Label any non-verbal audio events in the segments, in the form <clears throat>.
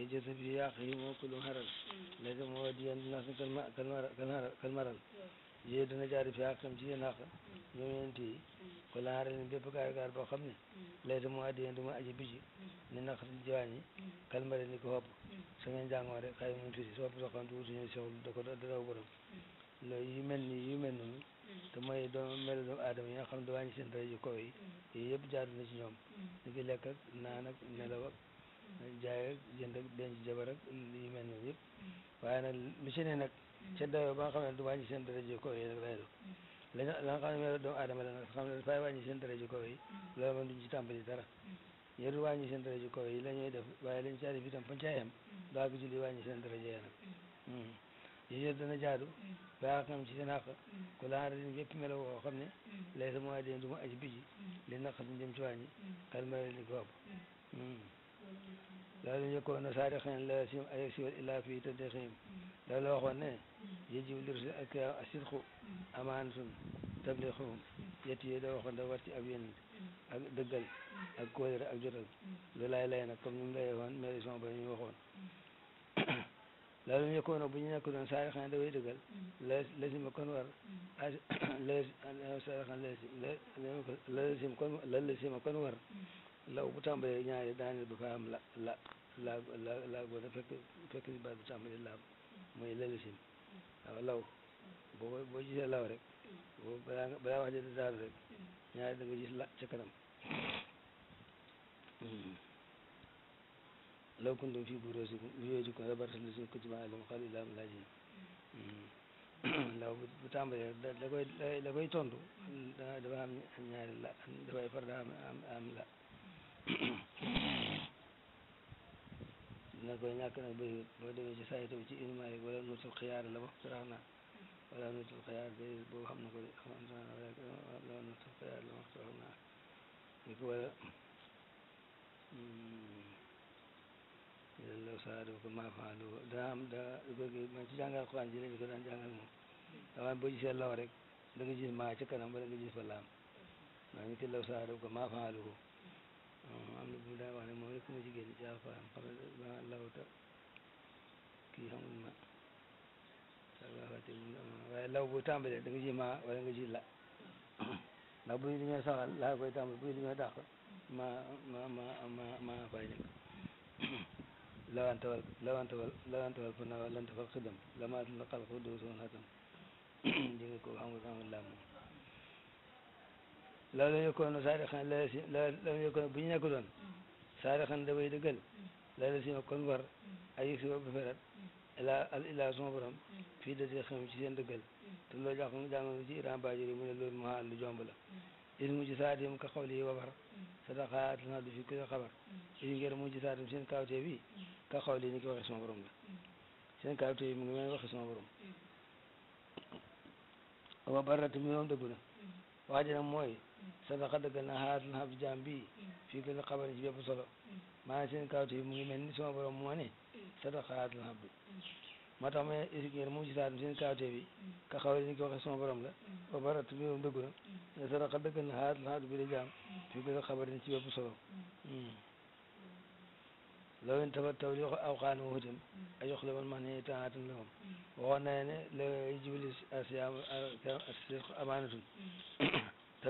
في جسد يا أخي موكل هرل لك موديا الناس كالمرل yee dana jaari fi àqam mm. ci yéen àq mm. ñoom yéen téyi ko laare leen mm. bépp gaar gaar boo xam ne layta mu addi yéen duma aji biji ni naqati jiwaan yi kalmare ni ko hopp sa ngeen jàngoo rek xay mun tuuti so hopp soxam tu utuñu sexul da ko dadaw borom loolu yu mel nii yu mel noonu te mooy doom melu doomu aadama yi nga xam ne da wàññi seen dara yu kaw yi yooyu yëpp jaaru na ci ñoom ni ki lekk ak naan ak nelaw jaay ak jënd ak denc jabar ak li mel noonu yëpp mm-hmm. waaye nag lu ci ne nag mm-hmm. ca dayoo ba nga xam ne du wàññi seen daraje kaw yi nag lay mm-hmm. la la nga xam ne meelu doomu aadama la nag xam ne dafay wàññi seen daraje kaw yi loolu moom duñ ci tàmbali dara yéen yi la ñuy def waaye lañ ci arrivé itam fañ caa yem daa ko julli wàññi seen daraje yi nag yéen dana xam ci seen àq ku laara din yëpp melo woo xam ne lay sa mooy den du mu aji biji li naqasin jëm ci wàññi xel mel ni ko laa yakunu saadiqan laa yaksibu illaa fi tadxiim daal la waxoon ne yajibu lirrusul ak asidqu amaanatun tablixuhum yett yooyu da waxoon da war ci ab yonent ak dëggal ak kóolere ak jotal lu laay lay nag comme ni mu ñu waxoon loolu ñu ko bu ñu nekk doon saa yoo xam ne dafay dëggal lazim war law bu tàmbalee ñaari daaneel ba fa am la la la la fekk fekk li baat bu tàmbalee laam mooy lelisin waaw law boo boo gisee law rek boo balaa nga balaa wax jënd daanu rek ñaari da nga gis la ca kanam hmm. law kuntum fii buruujikum buyuutikum labarral laziina kutiba alayhimul qawlu illaa hum laajin law bu tàmbalee da da koy da koy tontu am ñaari la dafay far daa am am la. dina <clears throat> koy ñàkk nag bëriwut boo demee ci saa yi tamit ci Ibnu Maalik wala nuutul xiyaar la bokk sarax naa wala nuutul xiyaar de na ko de xam naa wala nuutul xiyaar la bokk sarax naa ni ko wala hmm, law saadu ko maa faalu daa am daa góor gi man ci jàngal Alxuraan ji lañu ko daan jàngal moom dama boo gisee law rek da nga gis maa ca kanam wala nga gis fa laam maa ngi ci law ko maa faalu sama jigéen jaa faam xamal ma lawta kii xamul ma waaye law bu tàmbalee da nga ji ma wala nga ji la <coughs> ndax buy li ñoo saxal laa koy tàmbal buy li ñoo dàq ma ma ma ma ma fay nekk lawantawal lawantawal lawantawal fa naa lanta fa xidam lamaatun la xalqu doo soon xatam <coughs> di nga ko xamul xamul laa moom loolu la ñu yokkoon saari xan la la ñu yokkoon bu ñu nekk doon saadaxan dafay dëggal la la sima kon war ayi siwa ba ferat ila al ila son borom fii dasi xam ci seen dëggal te loolu jàpp mu jàngal ci iran bajori mu ne loolu mu xaal lu jomb la il mu ci saatim ka xawli yi wabar sadaqaat na du fi ku xabar il mu ci saatim seen kawte bi ka xawli ni ki waxe son borom la seen kawte bi mu ngi mel waxe son borom wabarrat mi moom dëggu na waajaram mooy sadaqa dëgg na xaaral xam jaam bi fii kulli xabarin ci bépp solo maanaam seen kawte yi mu ngi mel ni sama borom moo ne sadaqa xaaral xam bi moo tax ma ne moom ci saatam seen kawte bi ka xawle ni ko waxee sama borom la ba baratu bi moom dëgg na sadaqa dëgg na xaaral xam bi da jaam fii kulli xabarin ci bépp solo loolu itam taw li aw xaanu woo itam ay yox la man ma ne taatam la moom waxoon naa ne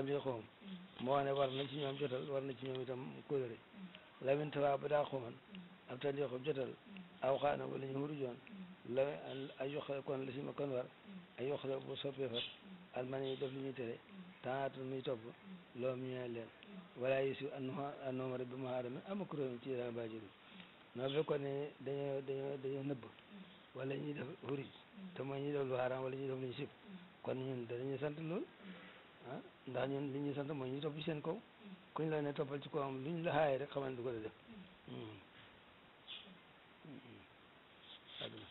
tamit xoom mm-hmm. moo wax ne war na ci ñoom jotal war na ci ñoom itam kóllëre mm-hmm. lamin tawa ba daa xooman mm-hmm. ab tan yoo xam jotal aw xaana wala ñu hurujoon la ay yoxale kon la si ma kon war ay yoxale bu soppee fat almane yi def li ñuy tere tanaatu muy topp loom ñu ne leen wala yi si anooma rek bi mu xaarami ama kuréel ci daan ba jëri noo fekkoon ne dañoo dañoo dañoo nëbb wala ñuy def huruj te mooy ñuy def lu xaaraam wala ñu sib kon ah ndax ñun li ñu sant mooy ñu topp ci seen kaw mm. kuñ la ne toppal ci kaw am luñ la xaayee rek xamal du ko def mm. Mm.